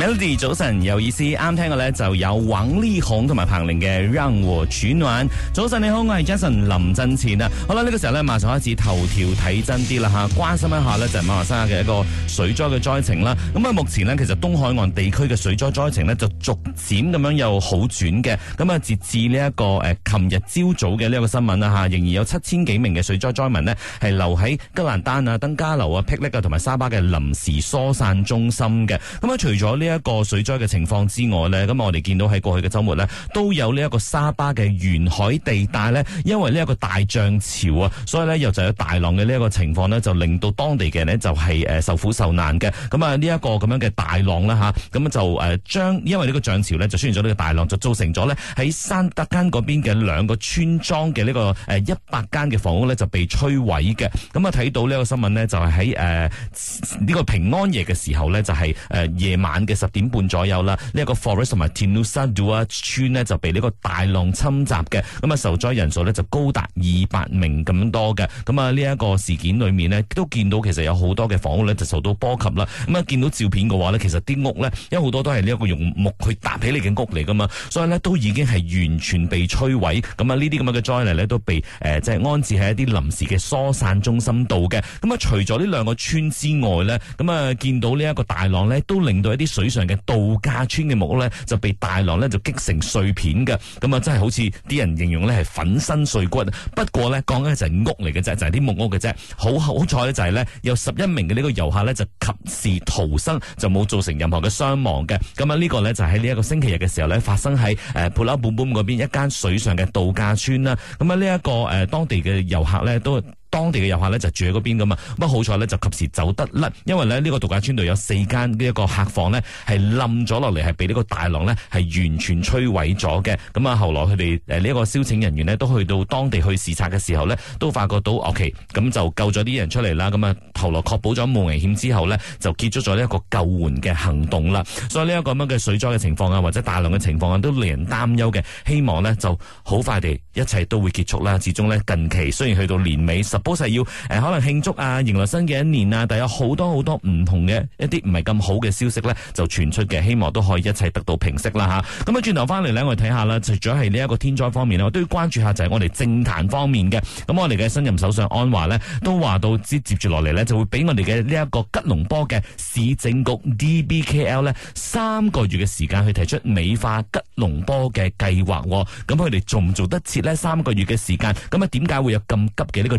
Melody，早晨有意思，啱聽嘅咧就有王力宏同埋彭羚嘅《讓我取暖》。早晨你好，我係 Jason 林振前啊。好啦，呢、這個時候呢，馬上開始頭條睇真啲啦吓，關心一下呢，就是、馬來西亞嘅一個水災嘅災情啦。咁啊，目前呢，其實東海岸地區嘅水災災情呢，就逐漸咁樣有好轉嘅。咁啊，截至呢、這、一個誒，琴日朝早嘅呢一個新聞啦吓，仍然有七千幾名嘅水災災民呢，係留喺吉蘭丹啊、登嘉樓啊、霹靂啊同埋沙巴嘅臨時疏散中心嘅。咁啊，除咗呢呢個水災嘅情況之外呢，咁我哋見到喺過去嘅周末呢，都有呢一個沙巴嘅沿海地帶呢。因為呢一個大漲潮啊，所以呢又就有大浪嘅呢一個情況呢，就令到當地嘅人呢，就係誒受苦受難嘅。咁啊，呢一個咁樣嘅大浪啦吓，咁就誒將因為呢個漲潮呢，就出現咗呢個大浪，就造成咗呢喺山打根嗰邊嘅兩個村莊嘅呢個誒一百間嘅房屋呢，就被摧毀嘅。咁啊睇到呢個新聞呢，就係喺誒呢個平安夜嘅時候呢，就係誒夜晚嘅。十點半左右啦，呢、這、一個 forest 同埋 Tinusa Duah 村咧就被呢個大浪侵襲嘅，咁啊受災人數呢，就高達二百名咁多嘅，咁啊呢一個事件裏面呢，都見到其實有好多嘅房屋呢，就受到波及啦，咁啊見到照片嘅話呢，其實啲屋呢，因為好多都係呢一個用木去搭起嚟嘅屋嚟噶嘛，所以呢，都已經係完全被摧毀，咁啊呢啲咁嘅災難呢，都被誒即係安置喺一啲臨時嘅疏散中心度嘅，咁啊除咗呢兩個村之外呢，咁啊見到呢一個大浪呢，都令到一啲水。水上嘅度假村嘅木屋咧，就被大浪咧就擊成碎片嘅，咁啊真係好似啲人形容咧，係粉身碎骨。不過呢，講緊就係屋嚟嘅啫，就係、是、啲木屋嘅啫。好好彩咧就係呢有十一名嘅呢個遊客呢，就及時逃生，就冇造成任何嘅傷亡嘅。咁啊呢個呢就喺呢一個星期日嘅時候呢，發生喺誒普拉本本嗰邊一間水上嘅度假村啦。咁啊呢一個誒當地嘅遊客呢都。當地嘅遊客呢就住喺嗰邊噶嘛，咁好彩呢，就及時走得甩，因為呢呢、這個度假村度有四間呢一個客房呢，係冧咗落嚟，係俾呢個大浪呢，係完全摧毀咗嘅。咁、嗯、啊，後來佢哋誒呢個消拯人員呢，都去到當地去視察嘅時候呢，都發覺到，ok，咁就救咗啲人出嚟啦。咁、嗯、啊，後來確保咗冇危險之後呢，就結束咗呢一個救援嘅行動啦。所以呢一個咁嘅水災嘅情況啊，或者大浪嘅情況啊，都令人擔憂嘅。希望呢就好快地一切都會結束啦。始終呢，近期雖然去到年尾波勢要誒、呃，可能慶祝啊，迎來新嘅一年啊，但有很多很多好多好多唔同嘅一啲唔係咁好嘅消息呢，就傳出嘅，希望都可以一切得到平息啦吓。咁啊，轉頭翻嚟呢，我哋睇下啦，除咗係呢一個天災方面呢，我都要關注下就係我哋政壇方面嘅。咁我哋嘅新任首相安華呢，都話到即係接住落嚟呢，就會俾我哋嘅呢一個吉隆坡嘅市政局 DBKL 呢，三個月嘅時間去提出美化吉隆坡嘅計劃喎。咁佢哋做唔做得切呢？三個月嘅時間，咁啊，點解會有咁急嘅呢個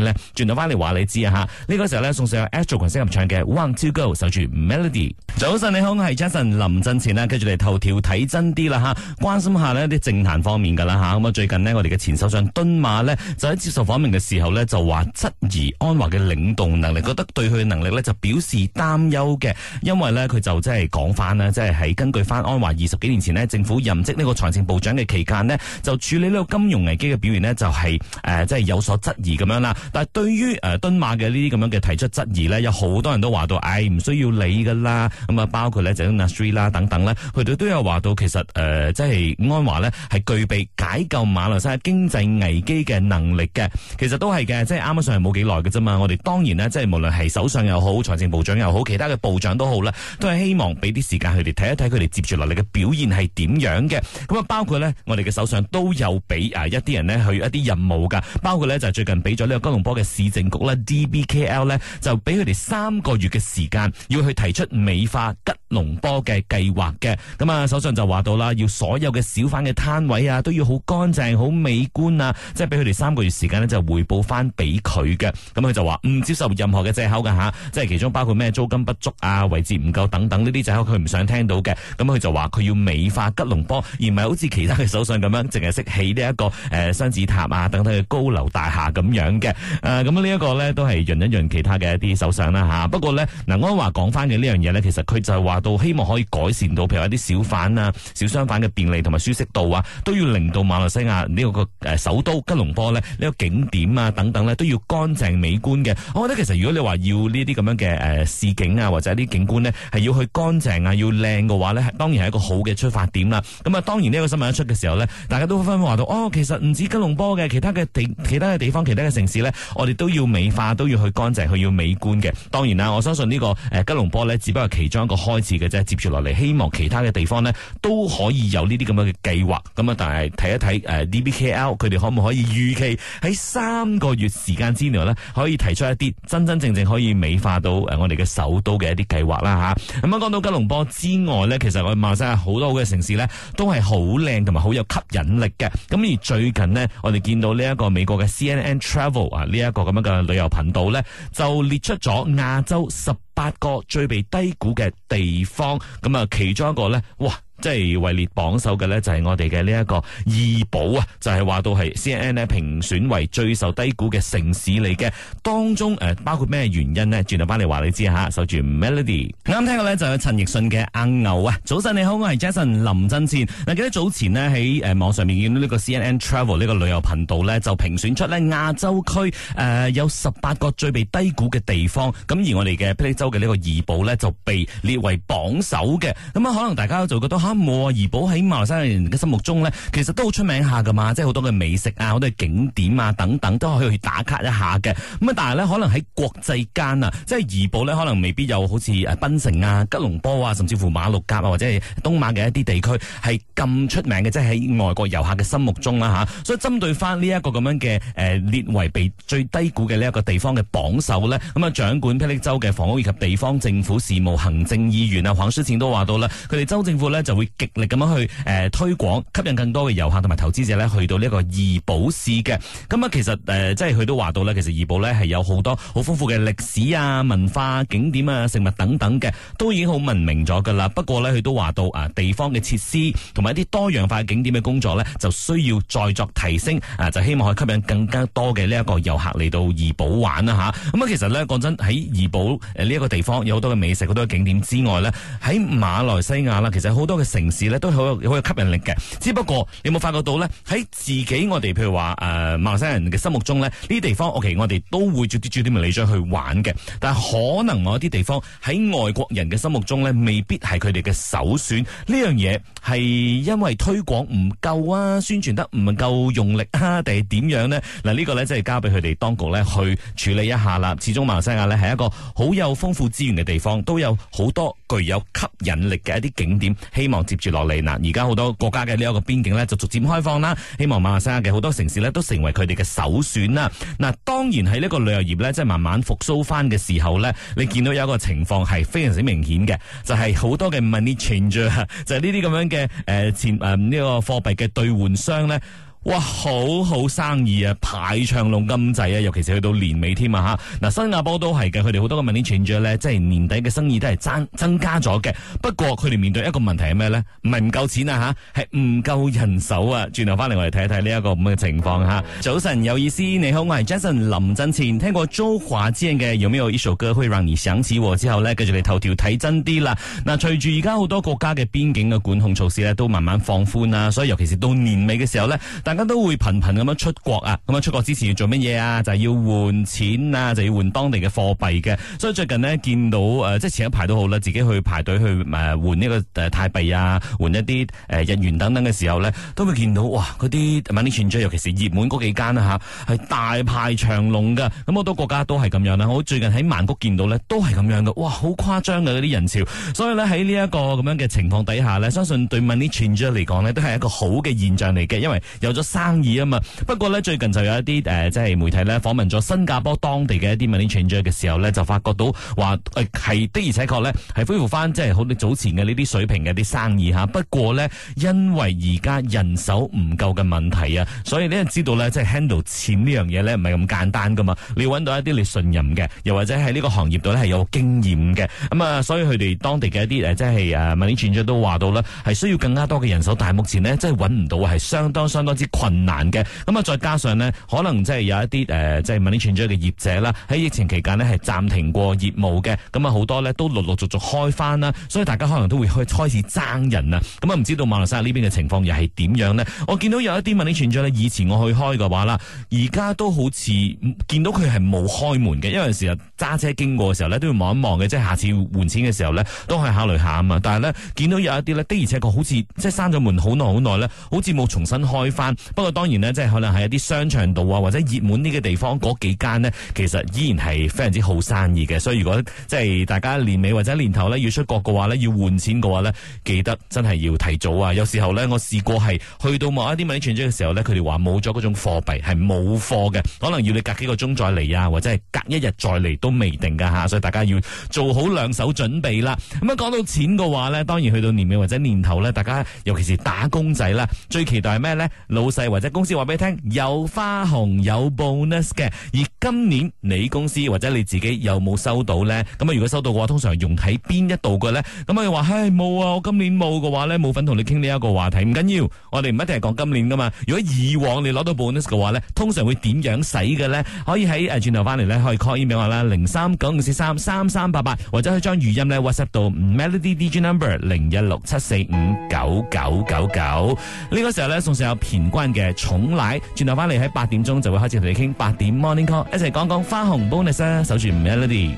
咧，轉到翻嚟話你知啊嚇。呢個時候咧，送上阿卓群先生唱嘅《One Two Go》，守住 melody。早晨你好，我係 Jason。臨瞓前啊，跟住嚟頭條睇真啲啦嚇，關心下呢啲政壇方面噶啦嚇。咁啊，最近呢，我哋嘅前首相敦馬呢，就喺接受訪問嘅時候呢，就話質疑安華嘅領導能力，覺得對佢嘅能力呢，就表示擔憂嘅，因為呢，佢就即係講翻呢，即係喺根據翻安華二十幾年前呢政府任職呢個財政部長嘅期間呢，就處理呢個金融危機嘅表現呢，就係、是、誒、呃、即係有所質疑咁樣但係對於誒、呃、敦馬嘅呢啲咁樣嘅提出質疑呢，有好多人都話到，唉，唔需要理噶啦。咁啊，包括咧就阿 Nazri 啦等等呢，佢哋都有話到，其實誒、呃、即係安華呢係具備解救馬來西亞經濟危機嘅能力嘅。其實都係嘅，即係啱啱上嚟冇幾耐嘅啫嘛。我哋當然呢，即係無論係首相又好，財政部長又好，其他嘅部長都好啦，都係希望俾啲時間佢哋睇一睇佢哋接住落嚟嘅表現係點樣嘅。咁啊，包括呢，我哋嘅首相都有俾誒一啲人呢去一啲任務㗎，包括呢，就係、最近俾咗呢。吉隆坡嘅市政局咧，DBKL 咧就俾佢哋三個月嘅時間，要去提出美化吉隆坡嘅計劃嘅。咁啊，首相就話到啦，要所有嘅小販嘅攤位啊，都要好乾淨、好美觀啊，即係俾佢哋三個月時間咧，就匯報翻俾佢嘅。咁佢就話唔接受任何嘅借口嘅吓，啊，即係其中包括咩租金不足啊、位置唔夠等等呢啲借口，佢唔想聽到嘅。咁佢就話佢要美化吉隆坡，而唔係好似其他嘅首相咁樣，淨係識起呢一個誒雙子塔啊等等嘅高樓大廈咁樣嘅。誒、呃，咁呢一個呢，都係潤一潤其他嘅一啲首相啦吓、啊。不過呢，嗱安華講翻嘅呢樣嘢呢，其實佢就係話到希望可以改善到，譬如話一啲小販啊、小商販嘅便利同埋舒適度啊，都要令到馬來西亞呢個誒、呃、首都吉隆坡呢呢個景點啊等等呢，都要乾淨美觀嘅。我覺得其實如果你話要呢啲咁樣嘅誒、呃、市景啊或者啲景觀呢，係要去乾淨啊要靚嘅話呢，當然係一個好嘅出發點啦。咁啊當然呢個新聞一出嘅時候呢，大家都紛紛話到哦，其實唔止吉隆坡嘅其他嘅地其他嘅地方其他嘅城市。我哋都要美化，都要去乾淨，去要美觀嘅。當然啦，我相信呢個誒吉隆坡咧，只不過其中一個開始嘅啫。接住落嚟，希望其他嘅地方咧都可以有呢啲咁樣嘅計劃。咁啊，但係睇一睇誒 DBKL，佢哋可唔可以預期喺三個月時間之內咧，可以提出一啲真真正正可以美化到誒我哋嘅首都嘅一啲計劃啦？吓，咁啊，講到吉隆坡之外呢，其實我哋馬來西亞好多好嘅城市咧都係好靚同埋好有吸引力嘅。咁而最近呢，我哋見到呢一個美國嘅 CNN Travel。啊！呢一個咁樣嘅旅遊頻道咧，就列出咗亞洲十八個最被低估嘅地方。咁啊，其中一個咧，哇！即係位列榜首嘅呢，就係、是、我哋嘅呢一個怡保啊，就係、是、話到係 CNN 呢評選為最受低估嘅城市嚟嘅。當中誒、呃、包括咩原因呢？轉頭翻嚟話你知吓，守住 Melody。啱聽嘅呢，就係、是、陳奕迅嘅《阿牛》啊。早晨你好，我係 Jason 林振善。嗱、啊、記得早前呢，喺誒網上面見到呢個 CNN Travel 呢個旅遊頻道呢，就評選出呢亞洲區誒、呃、有十八個最被低估嘅地方。咁而我哋嘅霹靂州嘅呢個怡保呢，就被列為榜首嘅。咁啊，可能大家就覺得。啊冇啊！怡保喺馬來西亞人嘅心目中呢，其實都好出名下噶嘛，即係好多嘅美食啊，好多嘅景點啊等等，都可以去打卡一下嘅。咁啊，但係呢，可能喺國際間啊，即係怡保呢，可能未必有好似誒檳城啊、吉隆坡啊，甚至乎馬六甲啊或者係東馬嘅一啲地區係咁出名嘅，即係喺外國遊客嘅心目中啦、啊、吓，所以針對翻呢一個咁樣嘅誒、呃、列為被最低估嘅呢一個地方嘅榜首呢，咁、嗯、啊掌管霹靂州嘅房屋以及地方政府事務行政議員啊，黃書展都話到啦，佢哋州政府呢就會極力咁樣去誒、呃、推廣，吸引更多嘅遊客同埋投資者呢，去到呢一個怡保市嘅。咁啊，其實誒、呃，即係佢都話到呢，其實怡保呢係有好多好豐富嘅歷史啊、文化、啊、景點啊、食物等等嘅，都已經好文明咗噶啦。不過呢，佢都話到啊，地方嘅設施同埋一啲多樣化景點嘅工作呢，就需要再作提升啊，就希望可以吸引更加多嘅呢一個遊客嚟到怡保玩啦吓。咁啊，其實呢，講真，喺怡保呢一個地方有好多嘅美食、好多嘅景點之外呢，喺馬來西亞啦，其實好多嘅。城市咧都好有好有吸引力嘅，只不過你有冇發覺到咧？喺自己我哋譬如話誒、呃、馬來西亞人嘅心目中咧，呢啲地方，o、okay, k 我哋都會注啲注啲名利章去玩嘅。但係可能某一啲地方喺外國人嘅心目中咧，未必係佢哋嘅首選。呢樣嘢係因為推廣唔夠啊，宣傳得唔夠用力啊，定係點樣咧？嗱，呢個咧即係交俾佢哋當局咧去處理一下啦。始終馬來西亞咧係一個好有豐富資源嘅地方，都有好多具有吸引力嘅一啲景點，希望。接住落嚟嗱，而家好多國家嘅呢一個邊境呢就逐漸開放啦。希望馬來西亞嘅好多城市呢都成為佢哋嘅首選啦。嗱，當然喺呢個旅遊業呢，即係慢慢復甦翻嘅時候呢，你見到有一個情況係非常之明顯嘅，就係好多嘅 money changer，就係呢啲咁樣嘅呃錢呃呢個貨幣嘅兌換商呢。哇，好好生意啊，排長龍咁滯啊，尤其是去到年尾添啊嚇。嗱，新加坡都係嘅，佢哋好多嘅問題存在呢，咧，即係年底嘅生意都係增增加咗嘅。不過佢哋面對一個問題係咩咧？唔係唔夠錢啊吓，係、啊、唔夠人手啊。轉頭翻嚟我哋睇一睇呢一個咁嘅情況啊嚇。早晨有意思，你好，我係 Jason 林振前。聽過周華健嘅有咩有一首歌可以讓你想起我之後呢，繼續嚟頭條睇真啲啦。嗱，隨住而家好多國家嘅邊境嘅管控措施呢，都慢慢放寬啦、啊，所以尤其是到年尾嘅時候呢。而家都會頻頻咁樣出國啊，咁樣出國之前要做乜嘢啊？就係、是、要換錢啊，就要換當地嘅貨幣嘅。所以最近咧，見到誒、呃、即係前一排都好啦，自己去排隊去誒換呢個誒泰幣啊，換一啲誒、呃、日元等等嘅時候咧，都會見到哇，啲 Money Changer，尤其是熱門嗰幾間啊嚇，係大排長龍噶。咁好多國家都係咁樣啦。我最近喺曼谷見到咧，都係咁樣嘅。哇，好誇張嘅啲人潮。所以咧喺呢一個咁樣嘅情況底下咧，相信對 Money Changer 嚟講咧，都係一個好嘅現象嚟嘅，因為有咗。生意啊嘛，不過呢，最近就有一啲誒、呃、即係媒體咧訪問咗新加坡當地嘅一啲 money changer 嘅時候呢，就發覺到話誒係的而且確呢，係恢復翻即係好早前嘅呢啲水平嘅啲生意嚇。不過呢，因為而家人手唔夠嘅問題啊，所以你知道呢，即係 handle 錢呢樣嘢呢，唔係咁簡單噶嘛。你要揾到一啲你信任嘅，又或者喺呢個行業度呢，係有經驗嘅咁啊，所以佢哋當地嘅一啲即係誒 money changer 都話到呢係需要更加多嘅人手，但係目前呢，真係揾唔到，係相當相當之。困難嘅，咁啊，再加上呢，可能即係有一啲誒，即係迷你傳唱嘅業者啦，喺疫情期間呢，係暫停過業務嘅，咁啊好多呢，都陸陸續續開翻啦，所以大家可能都會去開始爭人啊，咁啊唔知道馬來西亞呢邊嘅情況又係點樣呢？我見到有一啲迷你傳唱呢，以前我去開嘅話啦，而家都好似見到佢係冇開門嘅，因為有時候揸車經過嘅時候呢，都要望一望嘅，即係下次換錢嘅時候呢，都係考慮下啊嘛，但係呢，見到有一啲呢，的而且確好似即係閂咗門好耐好耐呢，好似冇重新開翻。不過當然呢，即係可能喺一啲商場度啊，或者熱門啲嘅地方，嗰幾間呢，其實依然係非常之好生意嘅。所以如果即係大家年尾或者年頭呢要出國嘅話呢，要換錢嘅話呢，記得真係要提早啊！有時候呢，我試過係去到某一啲萬里傳嘅時候呢，佢哋話冇咗嗰種貨幣係冇貨嘅，可能要你隔幾個鐘再嚟啊，或者係隔一日再嚟都未定噶吓。所以大家要做好兩手準備啦。咁樣，講到錢嘅話呢，當然去到年尾或者年頭呢，大家尤其是打工仔啦，最期待係咩呢？老細或者公司話，俾你聽，有花紅有 bonus 嘅，而今年你公司或者你自己有冇收到呢？咁啊如果收到嘅話，通常用喺邊一度嘅呢？咁啊又話，唉冇啊，我今年冇嘅話呢，冇份同你傾呢一個話題。唔緊要，我哋唔一定係講今年噶嘛。如果以往你攞到 bonus 嘅話呢，通常會點樣使嘅呢？可以喺誒轉頭翻嚟呢，可以 call 俾我啦，零三九五四三三三八八，或者可以將語音呢 whatsapp 到 melody dj number 零一六七四五九九九九。呢個時候呢，送上有片。關嘅寵奶，轉頭翻嚟，喺八點鐘就會開始同你傾八點 morning call，一齊講講花紅 bonus 啊，守住 melody。